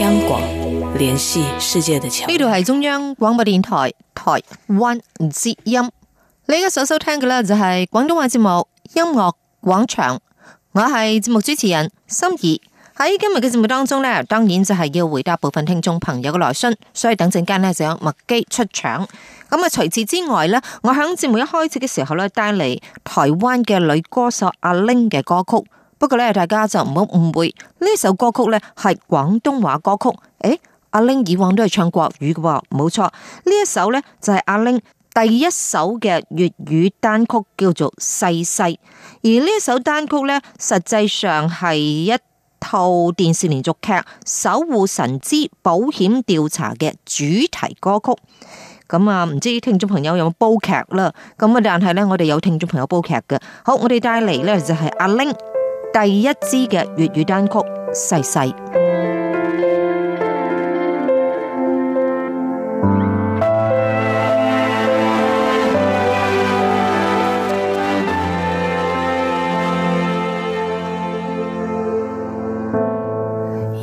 央廣聯繫世界的橋。呢度係中央廣播電台台灣之音。你而家所收聽嘅呢就係廣東話節目《音樂廣場》，我係節目主持人心儀。喺今日嘅節目當中呢，當然就係要回答部分聽眾朋友嘅來信，所以等陣間呢，就有麥基出場。咁啊，除此之外呢，我響節目一開始嘅時候呢，帶嚟台灣嘅女歌手阿 Ling 嘅歌曲。不過咧，大家就唔好誤會呢首歌曲咧，係廣東話歌曲。誒、欸，阿玲以往都係唱國語嘅，喎冇錯。呢一首呢，就係、是、阿玲第一首嘅粵語單曲，叫做《世世》。而呢一首單曲呢，實際上係一套電視連續劇《守護神之保險調查》嘅主題歌曲。咁、嗯、啊，唔知聽眾朋友有冇煲劇啦？咁、嗯、啊，但係呢，我哋有聽眾朋友煲劇嘅。好，我哋帶嚟呢，就係、是、阿玲。第一支嘅粵語單曲《世世》，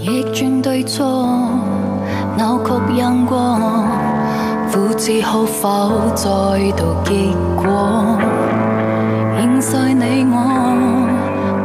逆轉對錯，扭曲因果，父子可否再度結果？現在你我，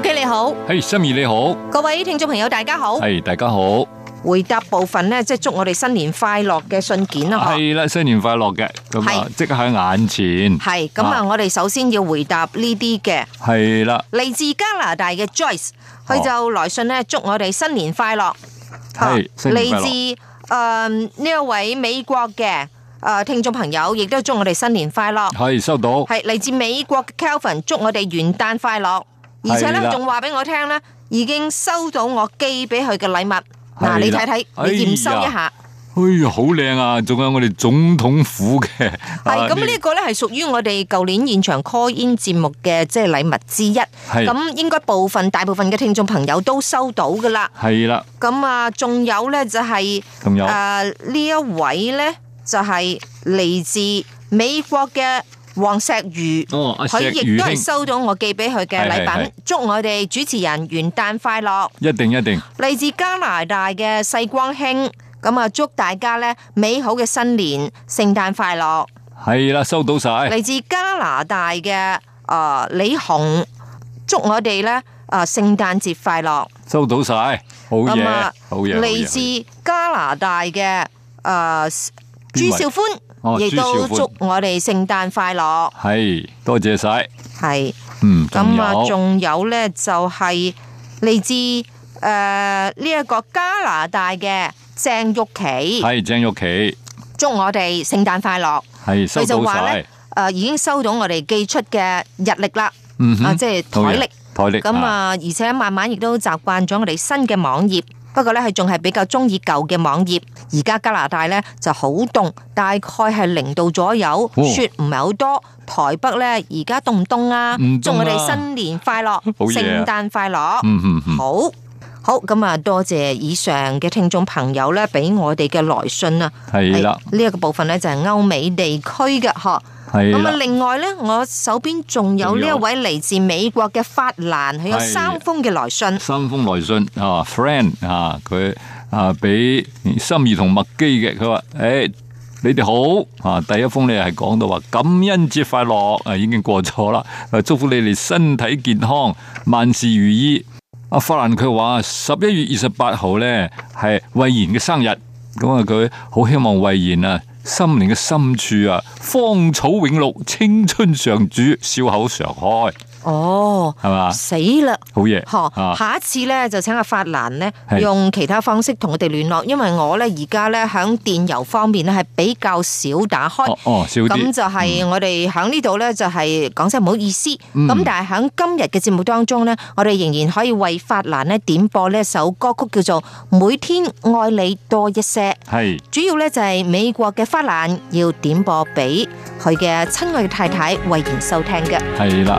O.K. 你好，嘿，心怡你好，各位聽眾朋友大家好，係大家好。回答部分咧，即係祝我哋新年快樂嘅信件啊，係啦，新年快樂嘅，咁啊，即刻喺眼前。係咁啊，我哋首先要回答呢啲嘅，係啦，嚟自加拿大嘅 Joyce，佢就來信咧，祝我哋新年快樂。係，嚟自誒呢一位美國嘅誒聽眾朋友，亦都祝我哋新年快樂。係收到，係嚟自美國嘅 Kelvin，祝我哋元旦快樂。而且咧，仲話俾我聽咧，已經收到我寄俾佢嘅禮物。嗱，你睇睇，你驗收一下。哎呀，好靚啊！仲有我哋總統府嘅。係咁，呢個咧係屬於我哋舊年現場 call in 節目嘅即係禮物之一。咁應該部分大部分嘅聽眾朋友都收到噶啦。係啦。咁啊，仲有咧就係。仲有。誒，呢一位咧就係嚟自美國嘅。黃石瑜，佢亦都係收到我寄俾佢嘅禮品，祝我哋主持人元旦快樂。一定一定。嚟自加拿大嘅細光興，咁啊祝大家咧美好嘅新年，聖誕快樂。係啦，收到晒。嚟自加拿大嘅誒李紅，祝我哋咧誒聖誕節快樂。收到晒，好嘢，好嘢。嚟自加拿大嘅誒朱兆歡。亦都祝我哋聖誕快樂，係多謝晒，係，嗯，咁啊，仲有咧就係嚟自誒呢一個加拿大嘅鄭玉琪，係鄭玉琪，祝我哋聖誕快樂，係，佢就話咧，誒，已經收到我哋寄出嘅日曆啦，嗯，啊，即係檯曆，檯曆，咁啊，而且慢慢亦都習慣咗我哋新嘅網頁。不過咧，係仲係比較中意舊嘅網頁。而家加拿大咧就好凍，大概係零度左右，哦、雪唔係好多。台北咧，而家凍唔凍啊？唔凍啊，祝我哋新年快樂，聖誕耶快樂。嗯嗯好好，咁啊，多謝以上嘅聽眾朋友咧，俾我哋嘅來信啊。係啦的，呢一、哎這個部分咧就係歐美地區嘅嗬。係咁啊！另外咧，我手邊仲有呢一位嚟自美國嘅法蘭，佢有三封嘅來信。三封來信啊，friend 啊，佢啊俾心怡同麥基嘅，佢話：誒、欸，你哋好啊！第一封你係講到話感恩節快樂啊，已經過咗啦，誒、啊，祝福你哋身體健康，萬事如意。阿、啊、法蘭佢話十一月二十八號咧係魏然嘅生日，咁啊，佢好希望魏然啊。心靈嘅深處啊，芳草永綠，青春常駐，笑口常開。哦，係嘛？死啦！好嘢！下一次咧就請阿法蘭呢，是用其他方式同我哋聯絡，因為我呢而家呢，響電郵方面呢，係比較少打開，咁、哦哦、就係我哋響呢度呢，嗯、就係講聲唔好意思，咁、嗯、但係響今日嘅節目當中呢，我哋仍然可以為法蘭呢點播呢一首歌曲叫做《每天愛你多一些》，係是主要呢，就係、是、美國嘅法蘭要點播俾佢嘅親愛嘅太太慧賢收聽嘅，係啦。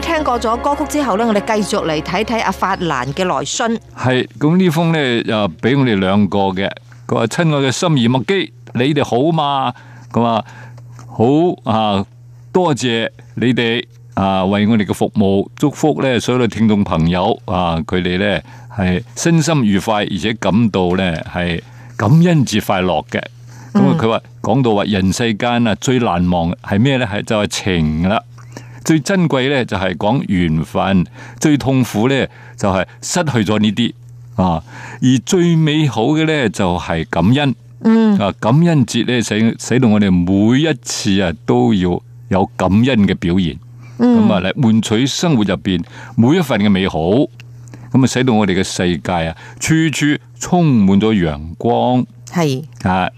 聽過咗歌曲之後咧，我哋繼續嚟睇睇阿法蘭嘅來信。係咁呢封咧，就俾我哋兩個嘅。佢話：親愛嘅心如麥基，你哋好嘛？咁啊，好啊，多謝你哋啊，為我哋嘅服務，祝福咧所有聽眾朋友啊，佢哋咧係身心愉快，而且感到咧係感恩節快樂嘅。咁啊、嗯，佢話講到話人世間啊最難忘係咩咧？係就係、是、情啦。最珍貴咧就係講緣分，最痛苦咧就係失去咗呢啲啊，而最美好嘅咧就係感恩。嗯啊，感恩節咧使使到我哋每一次啊都要有感恩嘅表現，咁啊嚟換取生活入邊每一份嘅美好，咁啊使到我哋嘅世界啊處處充滿咗陽光。係啊，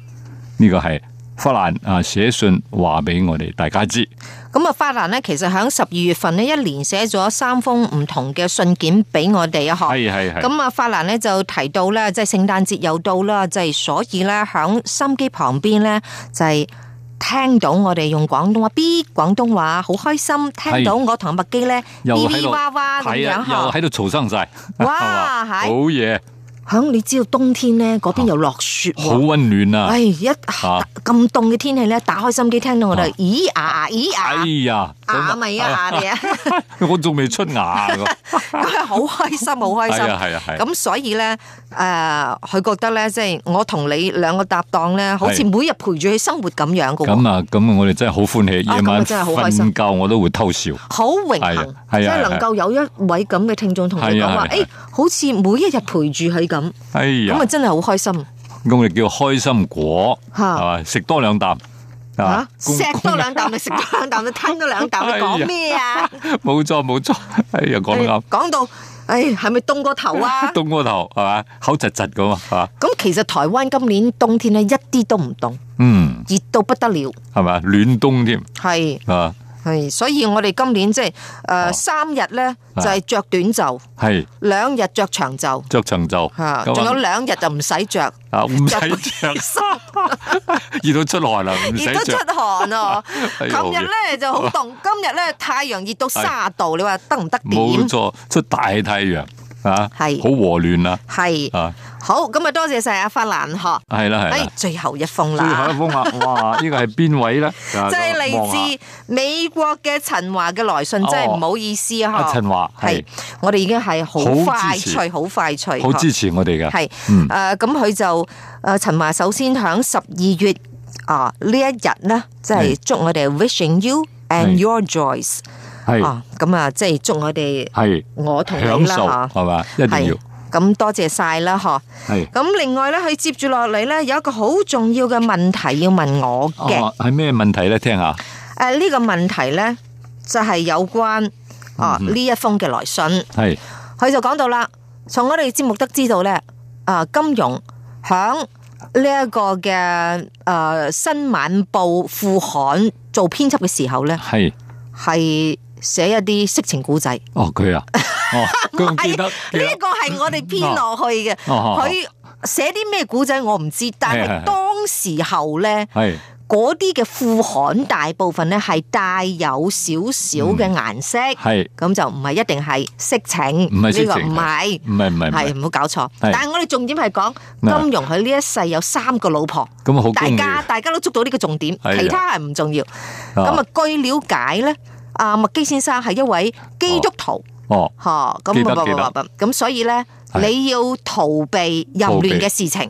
呢個係。法蘭啊，寫信話俾我哋大家知。咁啊，法蘭呢其實喺十二月份咧，一連寫咗三封唔同嘅信件俾我哋啊，係係係。咁啊，法蘭呢就提到咧，即係聖誕節又到啦，即係所以咧，響心機旁邊咧，就係聽到我哋用廣東話，B 廣東話，好開心聽到我同阿麥基咧，嗶嗶哇哇咁樣，嗶又喺度嘈生曬。嗶哇，係後。好嘢。你知道冬天呢，嗰邊又落雪好溫暖啊！哎，一咁凍嘅天氣，打開收音機聽到我哋，啊，咦呀咦呀，哎呀！咪一下你啊，我仲未出牙。咁係好開心，好開心。係啊係咁所以咧，誒，佢覺得咧，即係我同你兩個搭檔咧，好似每日陪住佢生活咁樣噶。咁啊，咁我哋真係好歡喜，夜晚瞓覺我都會偷笑。好榮幸，即係能夠有一位咁嘅聽眾同佢講話，誒，好似每一日陪住佢咁。哎呀，咁啊真係好開心。咁我哋叫開心果，係嘛，食多兩啖。啊！食多兩啖，咪食多兩啖，吞多兩啖，你講咩 啊？冇錯冇錯，哎呀講得啱。講到，哎，係咪凍過頭啊？凍 過頭係嘛，口窒窒咁嘛，係嘛。咁其實台灣今年冬天咧一啲都唔凍，嗯，熱到不得了，係嘛，暖冬添，係啊是。係，所以我哋今年即係誒三日咧就係着短袖，係兩日着長袖，着長袖吓，仲有兩日就唔使着，唔使着熱到出汗啦，熱到出汗哦。琴日咧就好凍，今日咧太陽熱到卅度，你話得唔得點？冇錯，出大太陽。啊，係好和亂啦，係啊，好咁啊，多謝晒阿法蘭嗬，係啦係啦，最後一封啦，最後一封啊，哇，呢個係邊位咧？即係嚟自美國嘅陳華嘅來信，真係唔好意思啊，陳華係，我哋已經係好快脆，好快脆，好支持我哋嘅係，誒，咁佢就誒，陳華首先響十二月啊呢一日咧，即係祝我哋 Wishing you and your joys。係，咁啊，即係祝我哋，係我同你啦，吓係嘛，一定要，咁多謝晒啦，嗬、啊，係是，咁另外咧，佢接住落嚟咧，有一個好重要嘅問題要問我嘅，係咩、哦、問題咧？聽下，誒、呃，呢、這個問題咧就係、是、有關，啊，呢、嗯、哼一封嘅來信，係是，佢就講到啦，從我哋節目得知道咧，啊、呃，金庸響呢一個嘅，誒、呃，新晚報副刊做編輯嘅時候咧，係是，係。寫一啲色情古仔哦，佢啊，呢一個係我哋編落去嘅。佢寫啲咩古仔我唔知，但係當時候咧，嗰啲嘅副刊大部分咧係帶有少少嘅顏色，係咁就唔係一定係色情，唔係呢個，唔係唔係唔係，係唔好搞錯。但係我哋重點係講金庸，佢呢一世有三個老婆，咁好，大家大家都捉到呢個重點，其他係唔重要。咁啊，據了解咧。阿麥基先生係一位基督徒，哦，吓咁，記得記得咁，所以咧，你要逃避淫亂嘅事情，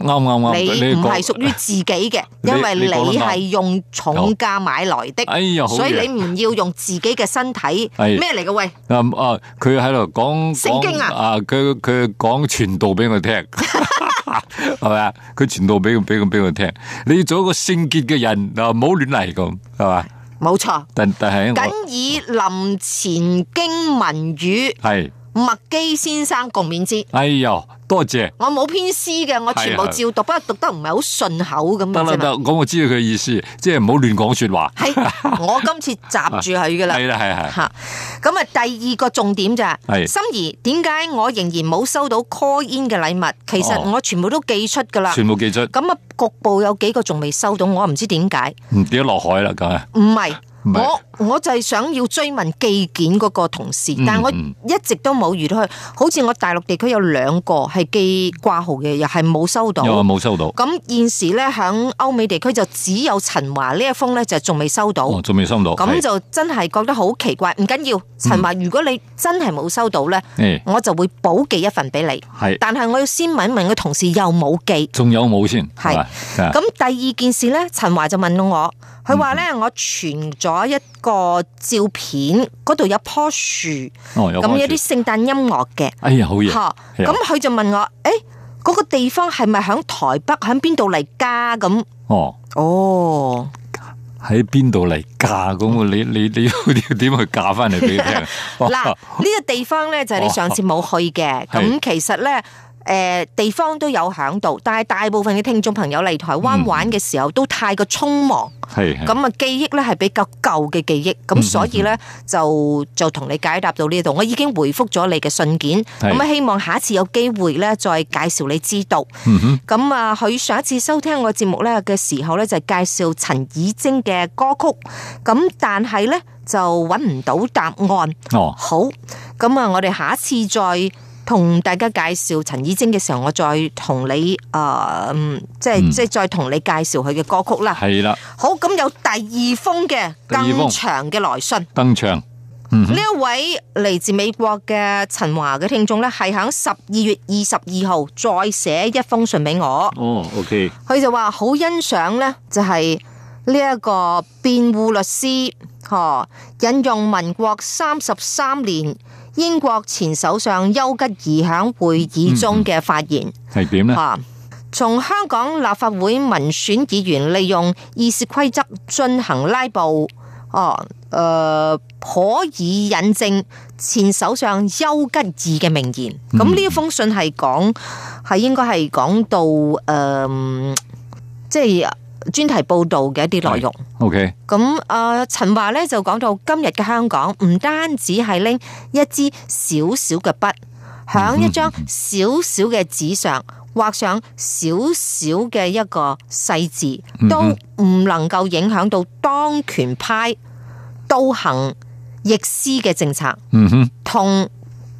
啱唔啱？你唔係屬於自己嘅，因為你係用重價買來的，哎呀，所以你唔要用自己嘅身體，係咩嚟嘅？喂，啊，佢喺度講聖經啊，啊，佢佢講傳道俾我聽，係咪啊？佢傳道俾佢俾佢俾我聽，你要做一個聖潔嘅人啊，唔好亂嚟咁，係嘛？冇錯，僅以臨前經文語，麥是基先生共勉之。哎多謝我冇偏私嘅，我全部照讀，不過讀得唔係好順口咁。得得，我我知道佢意思，即係唔好亂講說話。係我今次閘住佢噶啦，係啦係係。吓咁啊，第二個重點咋？心儀點解我仍然冇收到 call in 嘅禮物？其實我全部都寄出噶啦，全部寄出。咁啊，局部有幾個仲未收到，我唔知點解。嗯，點解落海啦？梗係？唔係我。我就係想要追問寄件嗰個同事，但係我一直都冇遇到佢。嗯嗯、好似我大陸地區有兩個係寄掛號嘅，又係冇收到。又冇收到。咁現時咧，響歐美地區就只有陳華呢一封咧，就仲未收到。仲未、哦、收到。咁就真係覺得好奇怪。唔是緊要，陳華，如果你真係冇收到咧，嗯、我就會補寄一份俾你。是但係我要先問問個同事有冇，又冇寄。仲有冇先？係是。咁吧第二件事咧，陳華就問到我，佢話咧，嗯嗯、我存咗一。個照片嗰度有棵樹，咁、哦、有啲聖誕音樂嘅，哎呀好嘢！咁佢的就問我，誒、欸，嗰、那個地方係咪響台北？響邊度嚟嫁咁？哦，哦，喺邊度嚟嫁咁？你你你要點去嫁翻嚟俾？嗱，呢個地方咧就係、是、你上次冇去嘅，咁、哦嗯、其實咧。誒地方都有響度，但係大部分嘅聽眾朋友嚟台灣玩嘅時候都太過匆忙，咁啊記憶咧係比較舊嘅記憶，咁所以咧就就同你解答到呢度。我已經回覆咗你嘅信件，咁啊希望下一次有機會咧再介紹你知道。咁啊佢上一次收聽我節目咧嘅時候咧就介紹陳以晶嘅歌曲，咁但係咧就揾唔到答案。哦，好，咁啊我哋下一次再。同大家介紹陳綺貞嘅時候，我再同你誒，即係即係再同你介紹佢嘅歌曲啦。係啦，好，咁有第二封嘅更長嘅來信登場。呢一位嚟自美國嘅陳華嘅聽眾咧，係喺十二月二十二號再寫一封信俾我。哦，OK，佢就話好欣賞咧，就係呢一個辯護律師，嗬，引用民國三十三年。英國前首相丘吉爾喺會議中嘅發言係點咧？從、嗯啊、香港立法會民選議員利用議事規則進行拉布，哦、啊、誒、呃，可以引證前首相丘吉爾嘅名言。咁呢封信係講，係、嗯、應該係講到誒、呃，即係。專題報道嘅一啲內容，OK。咁啊、呃，陳華咧就講到今日嘅香港，唔單止係拎一支小小嘅筆，響、嗯、哼一張小小嘅紙上畫上小小嘅一個細字，都唔能夠影響到當權派倒行逆施嘅政策。嗯、哼同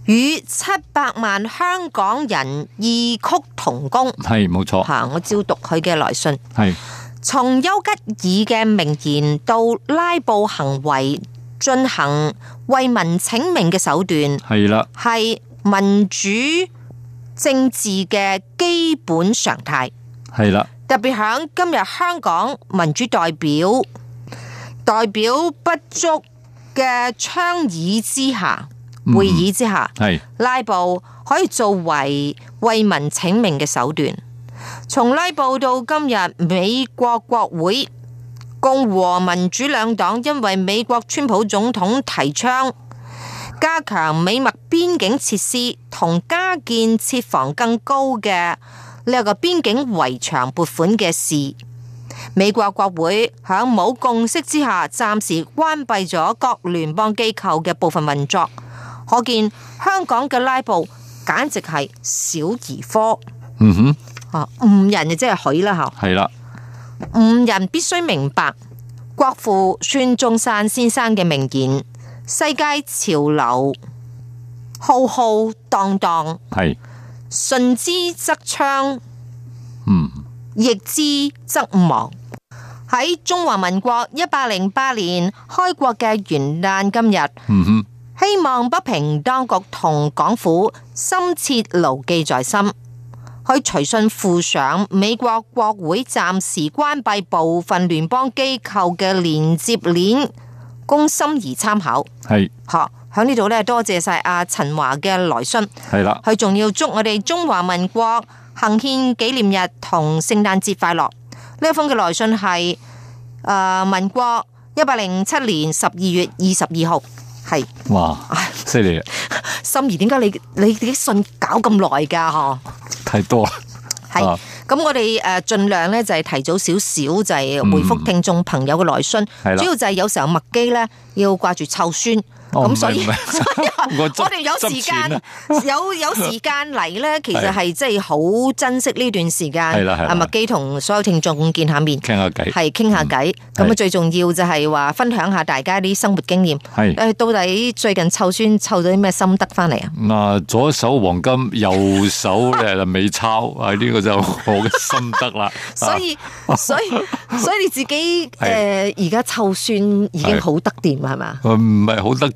與七百萬香港人異曲同工，係冇錯。吓、嗯，我照讀佢嘅來信，係。從丘吉爾嘅名言到拉布行為進行為民請命嘅手段，係啦，係民主政治嘅基本常態，係啦。特別響今日香港民主代表代表不足嘅倡議之下，會議之下，係、嗯、拉布可以作為為民請命嘅手段。從拉布到今日，美國國會共和民主兩黨因為美國川普總統提倡加強美墨邊境設施同加建設防更高嘅呢、這個邊境圍牆撥款嘅事，美國國會響冇共識之下，暫時關閉咗各聯邦機構嘅部分運作。可見香港嘅拉布簡直係小兒科。嗯哼。哦，誤人即係許啦，吓的。係啦，誤人必須明白國父孫中山先生嘅名言：世界潮流浩浩蕩蕩，係順的之則昌，逆、嗯、之則亡。喺中華民國一百零八年開國嘅元旦今日，嗯、哼希望北平當局同港府深切牢記在心。佢隨信附上美國國會暫時關閉部分聯邦機構嘅連接鏈，供心儀參考。係是，好喺呢度咧，多謝晒阿陳華嘅來信。係啦的，佢仲要祝我哋中華民國行憲紀念日同聖誕節快樂。呢一封嘅來信係誒、呃、民國一百零七年十二月二十二號。係是哇，犀利唉！了心儀，點解你你啲信搞咁耐噶？嗬，太多啦。係咁是，啊、那我哋誒盡量咧就係提早少少就係回覆聽眾朋友嘅來信。係、嗯、主要就係有時候麥基咧要掛住臭酸。咁所以，我哋有時間有有時間嚟咧，其實係即係好珍惜呢段時間。係啦，係啦，阿麥基同所有聽眾見下面，傾下偈，係傾下偈。咁啊，最重要就係話分享下大家啲生活經驗。係誒，到底最近湊孫湊咗啲咩心得翻嚟啊？嗱，左手黃金，右手誒就美鈔。誒，呢個就我嘅心得啦。所以，所以，所以你自己誒，而家湊孫已經好得掂係嘛？唔係好得。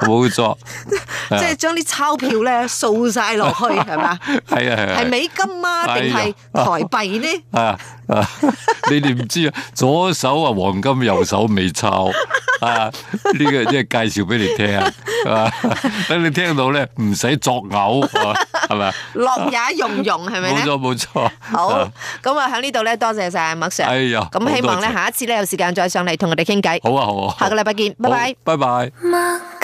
冇錯，即係將啲鈔票咧掃晒落去，係嘛？係啊係啊，係美金啊定係台幣咧？啊啊，你哋唔知啊，左手啊黃金，右手美鈔啊，呢個即係介紹俾你聽，係嘛？等你聽到咧，唔使作嘔，係咪啊？樂也融融，係咪咧？冇錯冇錯，好，咁啊喺呢度咧，多謝晒阿麥 Sir，哎呀，咁希望咧下一次咧有時間再上嚟同我哋傾偈，好啊好啊，下個禮拜見，拜拜拜拜。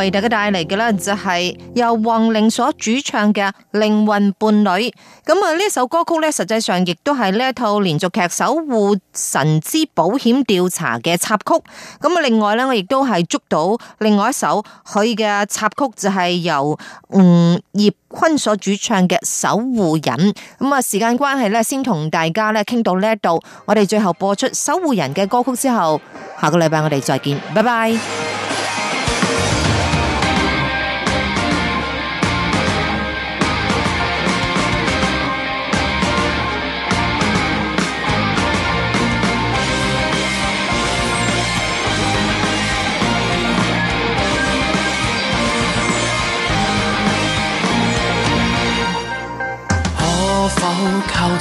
為大家帶嚟嘅呢，的就係由黃齡所主唱嘅靈魂伴侶，咁啊呢首歌曲呢，實際上亦都係呢一套連續劇守護神之保險調查嘅插曲。咁啊另外呢，我亦都係捉到另外一首佢嘅插曲，就係由吳業坤所主唱嘅守護人。咁啊時間關係咧，先同大家咧傾到呢一度。我哋最後播出守護人嘅歌曲之後，下個禮拜我哋再見，拜拜。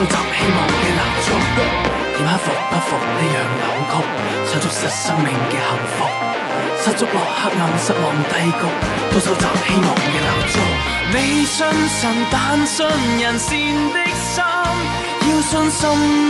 收集希望嘅蠟燭，點克服不服呢樣扭曲，想捉實生命嘅幸福，失足落黑暗失望低谷，都收集希望嘅蠟燭。你信神，但信人善的心，要信心。